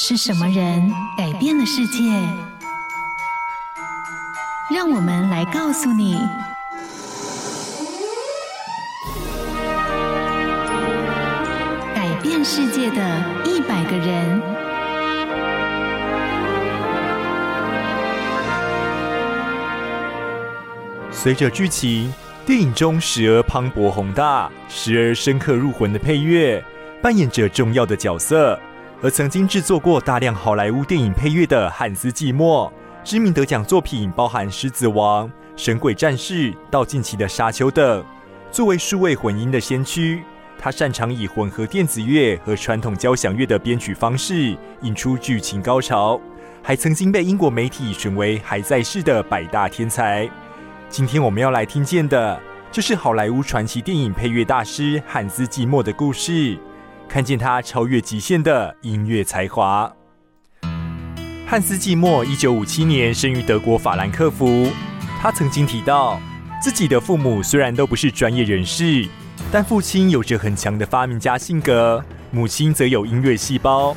是什麼人改變了世界？讓我們來告訴你：改變世界的一百個人。隨着劇情，電影中時而磅礴宏大，時而深刻入魂的配樂，扮演着重要的角色。而曾經製作過大量好萊塢電影配樂的漢斯·季默，知名得獎作品包含《獅子王》《神鬼戰士》到近期的《沙丘》等。作為數位混音的先驅，他擅長以混合電子樂和傳統交響樂的編曲方式，引出劇情高潮。還曾經被英國媒體選為還在世的百大天才。今天我們要來聽見的，就是好萊塢傳奇電影配樂大師漢斯·季默的故事。看見他超越極限的音樂才華。漢斯·季默一九五七年生於德國法蘭克福。他曾經提到，自己的父母雖然都不是專業人士，但父親有着很強的發明家性格，母親則有音樂細胞，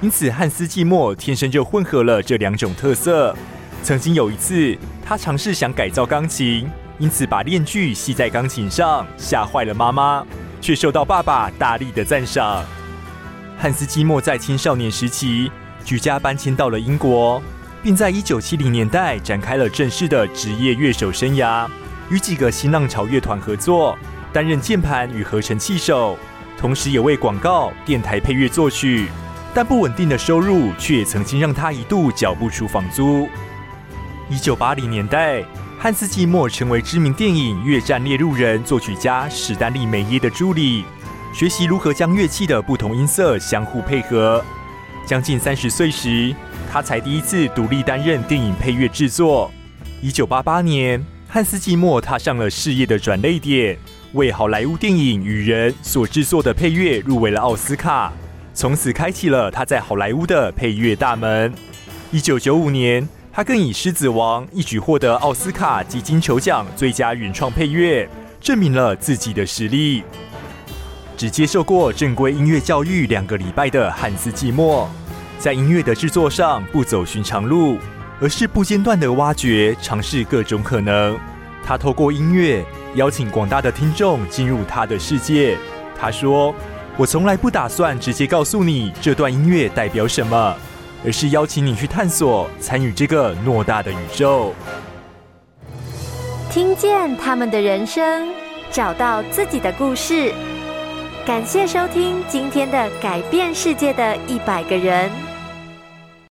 因此漢斯·季默天生就混合了這兩種特色。曾經有一次，他嘗試想改造鋼琴，因此把鏈鋸繫在鋼琴上，嚇壞了媽媽。卻受到爸爸大力的讚賞。漢斯季默在青少年時期舉家搬遷到了英國，並在一九七零年代展開了正式的職業樂手生涯，與幾個新浪潮樂團合作，擔任鍵盤與合成器手，同時也為廣告、電台配樂作曲。但不穩定的收入，卻也曾經讓他一度繳不出房租。一九八零年代。漢斯季默成為知名電影《越戰獵鹿人》作曲家史丹利梅耶的助理，學習如何將樂器的不同音色相互配合。將近三十歲時，他才第一次獨立擔任電影配樂製作。一九八八年，漢斯季默踏上了事業的轉捩點，為好萊塢電影《雨人》所製作的配樂入圍了奧斯卡，從此開啟了他在好萊塢的配樂大門。一九九五年。他更以《獅子王》一舉獲得奧斯卡及金球獎最佳原創配樂，證明了自己的實力。只接受過正規音樂教育兩個禮拜的漢斯季默，在音樂的制作上不走尋常路，而是不間斷地挖掘、嘗試各種可能。他透過音樂邀請廣大的聽眾進入他的世界。他說：“我從來不打算直接告訴你這段音樂代表什麼。”而是邀請你去探索，參與這個偌大的宇宙，聽見他們的人生，找到自己的故事。感謝收聽今天的改變世界的一百個人。